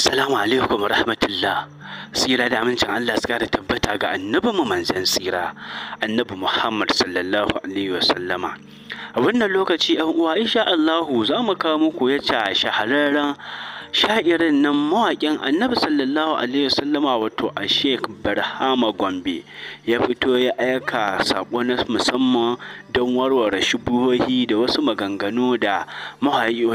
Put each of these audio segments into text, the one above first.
Assalamu alaikum rahmatullah. Sira da amincin Allah su kara tabbata ga annabi mu manzan tsira, annabi Muhammad sallallahu alaihi wasallama. A wannan lokaci ‘yan uwa insha Allahu za mu kawo muku ya shahararren sha'irin nan mawaƙin annabi sallallahu alaihi wasallama wato a sheik barhama gombe ya fito ya aika saƙo na musamman don warware shubuhohi da wasu maganganu da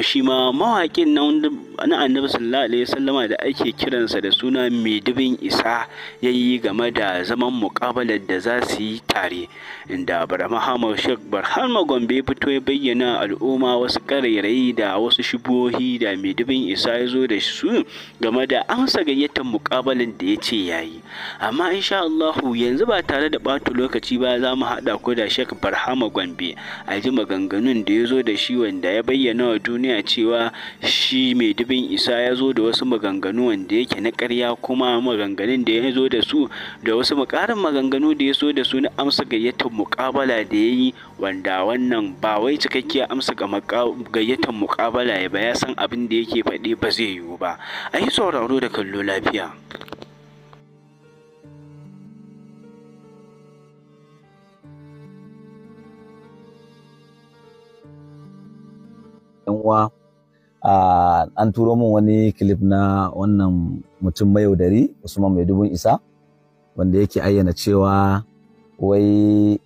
shi ma mawaƙin na annabi sallallahu alaihi wasallama da ake kiransa da suna medibin isa ya yi game da zaman muƙabalar da za su yi tare inda barhama sheik barhama gombe ya fito ya bayyana al'umma wasu ƙarairayi da wasu shubuhohi da mai dubin isa zo da su game da amsa gayyatar mukabalin da ya ce ya yi amma insha Allahu yanzu ba tare da ɓata lokaci ba za mu haɗa ku da Sheikh Barhama Gombe a ji maganganun da ya zo da shi wanda ya bayyana wa duniya cewa shi mai dubin isa ya zo da wasu maganganu wanda yake na ƙarya kuma maganganun da ya zo da su da wasu muƙarin maganganu da ya zo da su na amsa gayyatar muƙabala da ya yi wanda wannan ba wai cikakkiyar amsa ga gayyatar muƙabala ya ba ya san abin da yake faɗi ba zai yiwu ba a yi sauraro da kallo lafiya uwa an turo min wani kilif na wannan mutum mai yaudari usman mai dubun isa wanda yake ayyana cewa wai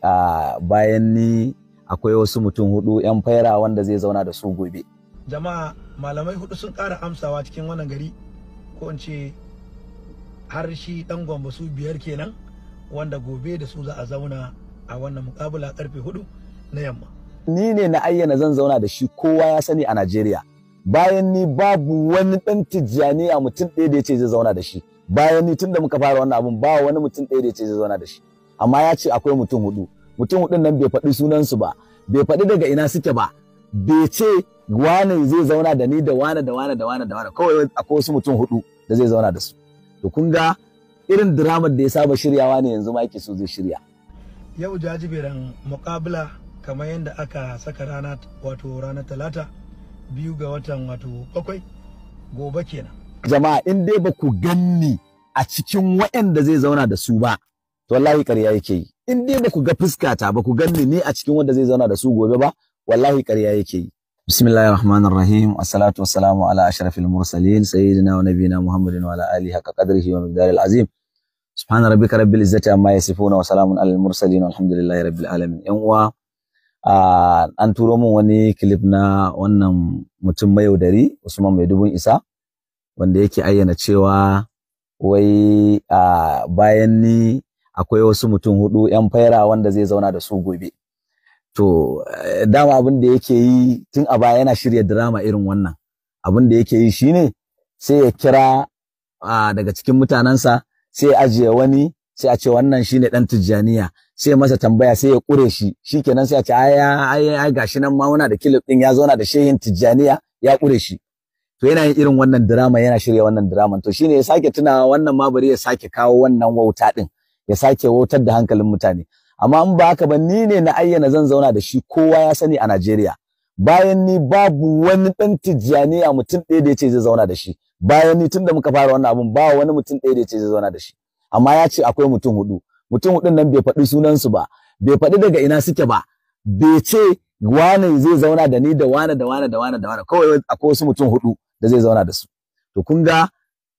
bayan ni akwai wasu mutum hudu 'yan faira wanda zai zauna da su gobe jama'a malamai hudu sun kara amsawa cikin wannan gari ko in ce har shi dan gwamba su biyar kenan wanda gobe da su za a zauna a wannan mukabula karfe hudu na yamma ni ne na ayyana zan zauna da shi kowa ya sani a Najeriya bayan ni babu wani dan tijjani a mutum ɗaya da ya ce zai zauna da shi bayan ni tun da muka fara wannan abun ba wani mutum ɗaya da ya ce zai zauna da shi amma ya ce akwai mutum hudu mutum hudun nan bai faɗi sunansu ba bai faɗi daga ina suke ba bai ce wane zai zauna da ni da wane da wane da wane da wane kawai akwai wasu mutum hudu da zai zauna da su to kun ga irin drama da ya saba shiryawa ne yanzu ma yake so zai shirya yau jajiberin muƙabila kamar yadda aka saka rana wato ranar talata biyu ga watan wato bakwai gobe kenan jama'a in dai ba ku ganni a cikin waɗanda zai zauna da su ba to wallahi ƙarya yake yi in dai ba ku ga fuskata ba ku ganni ne a cikin wanda zai zauna da su gobe ba wallahi ƙarya yake yi bismillahir rahmanir rahim assalatu wassalamu ala ashrafil mursalin sayyidina wa nabina muhammadin wa ala alihi haqqa qadrihi wa miqdaril azim subhana rabbika rabbil izzati amma yasifuna wa salamun alal mursalin walhamdulillahi rabbil alamin yan uwa an turo min wani clip na wannan mutum mai yaudari Usman mai dubun isa wanda yake ayyana cewa wai bayan ni akwai wasu mutum hudu yan faira wanda zai zauna da su gobe to eh, dama abin da yake yi tun a baya yana shirya drama irin wannan abin da yake yi shine sai ya kira daga cikin mutanensa sai ya ajiye wani sai a ce wannan shine dan tijjaniya sai masa tambaya sai ya kure shi shikenan sai a ce ai ai ai gashi nan ma muna da kilif din ya zauna da shehin tijjaniya ya kure shi to yana yin irin wannan drama yana shirya wannan drama to shine ya sake tunawa wannan ma bari ya sake kawo wannan wauta din ya sake wautar da hankalin mutane amma in ba haka ba ni ne na ayyana zan zauna da shi kowa ya sani a Najeriya bayan ni babu wani dan a mutum ɗaya da ya ce zai zauna da shi bayan ni tunda muka fara wannan abun ba wani mutum ɗaya da ya ce zai zauna da shi amma ya ce akwai mutum hudu mutum hudun nan bai faɗi sunansu ba bai faɗi daga ina suke ba bai ce wane zai zauna da ni da wane da wane da wane da wane kawai akwai wasu mutum hudu da zai zauna da su to kun ga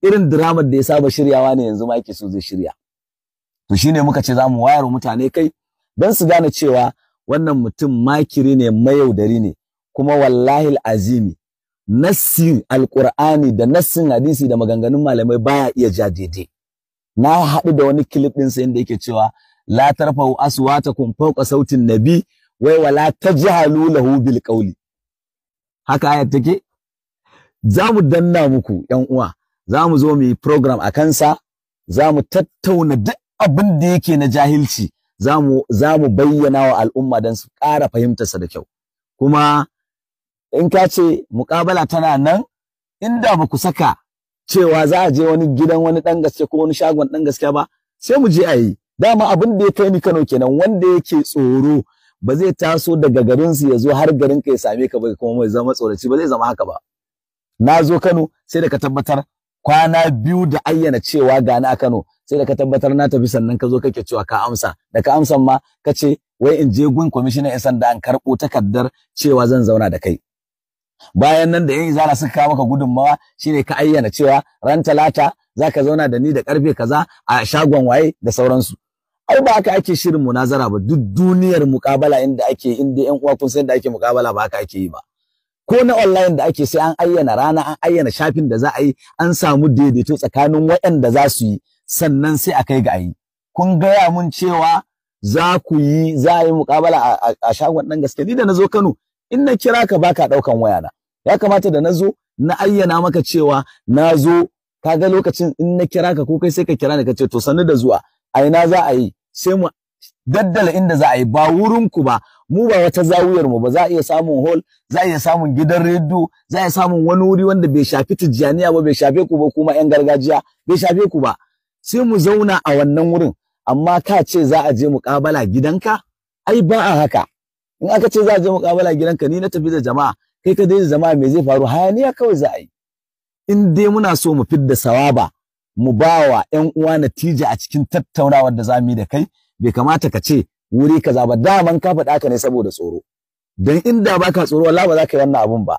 irin diramar da ya saba shiryawa ne yanzu ma yake so zai shirya to shine muka ce zamu wayar mutane kai don su gane cewa wannan mutum makiri ne mayaudari ne kuma wallahi azimi nassin alqur'ani da nassin hadisi da maganganun malamai baya iya ja daidai na haɗu da wani clip din sa inda yake cewa la tarfa'u aswatakum fawqa sautin nabi wai wala tajhalu lahu bil qawli haka ayat take zamu danna muku ‘yan uwa, zamu zo mu yi program a kansa, za tattauna duk abin da yake na jahilci za mu bayyana wa al'umma dan su ƙara fahimtarsa da kyau kuma in ka ce mukabala tana nan inda ba ku saka cewa za a je wani gidan wani dan gaske ko wani shagon ɗan gaske ba sai mu je a yi dama abin da ya kai ni Kano kenan wanda yake tsoro ba zai taso daga garinsu ya zo har garin ka ya same ka ba kuma mai zama tsoraci ba zai zama haka ba na zo Kano sai da ka tabbatar kwana biyu da ayyana cewa gani a Kano sai da ka tabbatar na tafi sannan ka zo kake cewa ka amsa da ka amsa ma ka ce wai in je gun kwamishinan yan sanda an karɓo takardar cewa zan zauna da kai bayan nan da yan izara suka kawo maka gudunmawa shine ka ayyana cewa ran talata za ka zauna da ni da karfe kaza a shagon waye da sauransu ai ba haka ake shirin munazara ba duk duniyar mukabala inda ake inda yan uwa kun san da ake mukabala ba haka ake yi ba ko na online da ake sai an ayyana rana an ayyana shafin da za a yi an samu daidaito tsakanin waɗanda za su yi sannan sai a kai ga ayi kun gaya mun cewa za ku yi za a yi muƙabala a shagon ɗan gaske ni da na zo Kano in na kira ka baka ɗaukan waya na ya kamata da na zo na ayyana maka cewa na zo ka ga lokacin in na kira ka ko kai sai ka kira ni ka ce to sannu da zuwa a ina za a yi sai mu daddala inda za a yi ba wurin ku ba mu ba wata zawiyar mu ba za a iya samun hall za a iya samun gidan rediyo za a iya samun wani wuri wanda bai shafi tijjaniya ba bai shafe ku ba kuma yan gargajiya bai shafe ku ba sai mu zauna a wannan wurin amma ka ce za a je muƙabala gidanka ai ba a haka in aka ce za a je muƙabala gidanka ni na tafi da jama'a kai ka daina jama'a me zai faru hayaniya kawai za a yi in dai muna so mu fidda sawaba mu ba wa ƴan uwa natija a cikin tattaunawar da za mu yi da kai bai kamata ka ce wuri kaza ba daman ka faɗa ka ne saboda tsoro dan inda baka tsoro wallahi ba za ka yi wannan abun ba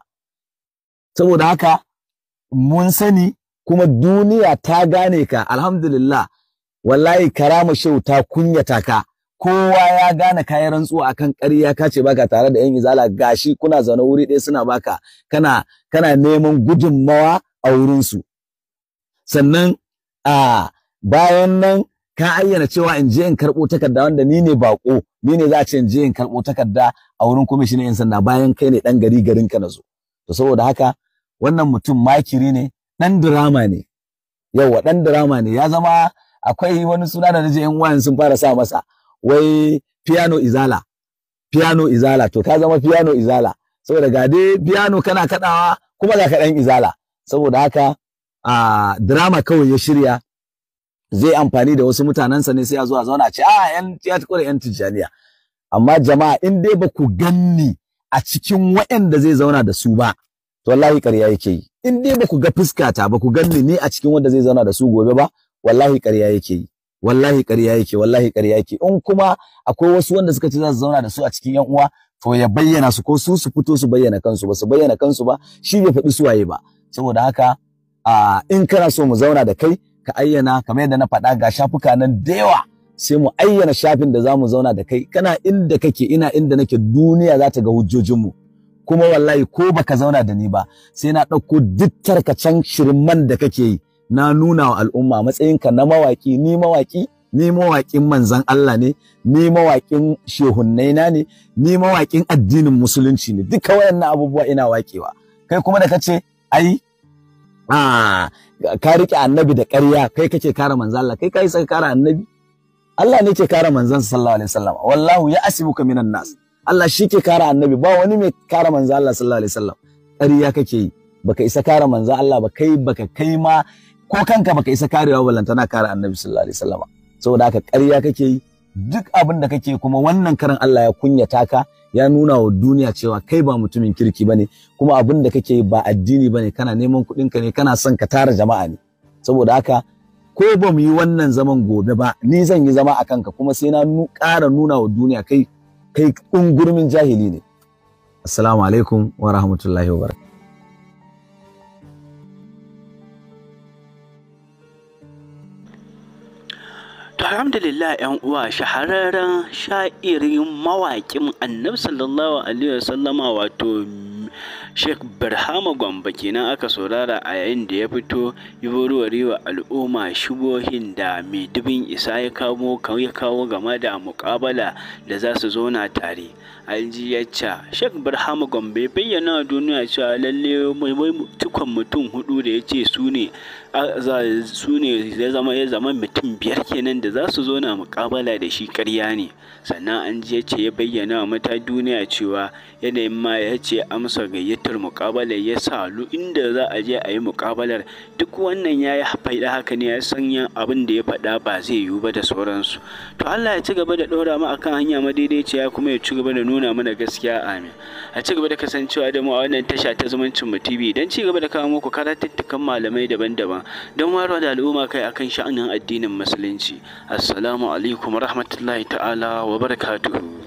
saboda haka mun sani kuma duniya ta gane ka alhamdulillah wallahi karama shau ta kunyata ka kowa ya gane kayan rantsuwa akan ƙarya ka ce baka tare da yan izala gashi kuna zaune wuri ɗaya suna baka kana kana neman gudunmawa a wurinsu sannan a bayan nan ka ayyana cewa in je in karɓo takarda wanda ni ne baƙo ni ne za a ce in je in karɓo takarda a wurin kwamishinan yan sanda bayan kai ne ɗan gari garin ka na zo to saboda haka wannan mutum makiri ne ɗan drama ne yauwa ɗan drama ne ya zama akwai wani suna da naje yan uwan sun fara sa masa wai piano izala piano izala to ka zama piano izala saboda ga dai piano kana kaɗawa kuma ga kaɗan izala saboda haka a drama kawai ya shirya zai amfani da wasu mutanensa ne sai ya zo a zauna a ce a ah, yan tiyatikore yan tijjaniya amma jama'a in dai ba ku ganni a cikin waɗanda zai zauna da su ba to wallahi ƙarya yake yi in dai ba ku ga fuska ba ku ganni ni a cikin wanda zai zauna da su gobe ba wallahi ƙarya yake yi wallahi ƙarya yake wallahi ƙarya yake in kuma akwai wasu wanda suka ce za su zauna da su a cikin yan uwa to ya bayyana su ko su su fito su bayyana kansu ba su bayyana kansu ba shi bai faɗi su waye ba saboda haka a in kana so mu zauna da kai ka ayyana kamar yadda na faɗa ga shafuka nan da yawa sai mu ayyana shafin da za mu zauna da kai kana inda kake ina inda nake duniya za ta ga hujjojinmu kuma wallahi ko baka zauna da ni ba sai na ɗauko duk shirin shirman da kake yi na nuna wa al'umma matsayinka na mawaki ni mawaki ni mawaƙin manzan Allah ne ni mawaƙin shehunnaina ne ni mawaƙin addinin musulunci ne duka wayannan abubuwa ina wakewa. kai kuma da kace ai ka rike annabi da ƙarya kai kake kare manzan Allah kai kai sai kare annabi Allah ne ke kare manzan sallallahu alaihi wasallam wallahu ya asibuka minan nas Allah shi ke kare annabi ba wani mai kare manzo Allah sallallahu alaihi wasallam ƙarya kake yi baka isa kare manzo Allah ba kai baka kai ma ko kanka baka isa karewa ba kare annabi sallallahu alaihi wasallam saboda haka ƙarya kake yi duk abin da kake kuma wannan karan Allah ya kunyata ka ya nuna wa duniya cewa kai ba mutumin kirki bane kuma abin da kake ba addini bane kana neman kuɗin ka ne kana son ka tara jama'a ne saboda haka ko ba mu yi wannan zaman gobe ba ni zan yi zama a kanka kuma sai na ƙara nuna wa duniya kai kai ƙungurmin jahili ne assalamu alaikum wa rahmatullahi wa alhamdulillah yan uwa shahararren sha'irin mawaƙin annabi sallallahu alaihi wasallama wato Sheikh Barhama Gwamba kenan aka saurara a yayin da ya fito yi wa al'umma shubohin da mai dubin isa ya kawo ya kawo game da muƙabala da za su zauna tare. alji Aljiyacca Sheikh Barhama Gwamba ya bayyana duniya cewa lalle mai mutum hudu da ya ce su ne su ne zai zama ya zama mutum biyar kenan da za su zo na mukabala da shi karya ne sannan an je ce ya bayyana wa mata duniya cewa yanayin ma ya ce amsa gayyatar mukabalar ya lu inda za a je a yi mukabalar duk wannan ya yi faɗa haka ne ya san abin da ya faɗa ba zai yiwu ba da sauransu to Allah ya ci gaba da ɗora mu akan hanya madaidaiciya kuma ya ci gaba da nuna mana gaskiya amin a ci gaba da kasancewa da mu a wannan tasha ta zumuncin mu TV don ci gaba da kawo muku karatuttukan malamai daban-daban al'umma don wayarwa da al'umma kai akan sha'anin addinin musulunci assalamu alaikum rahmatullahi ta'ala wa barakatuhu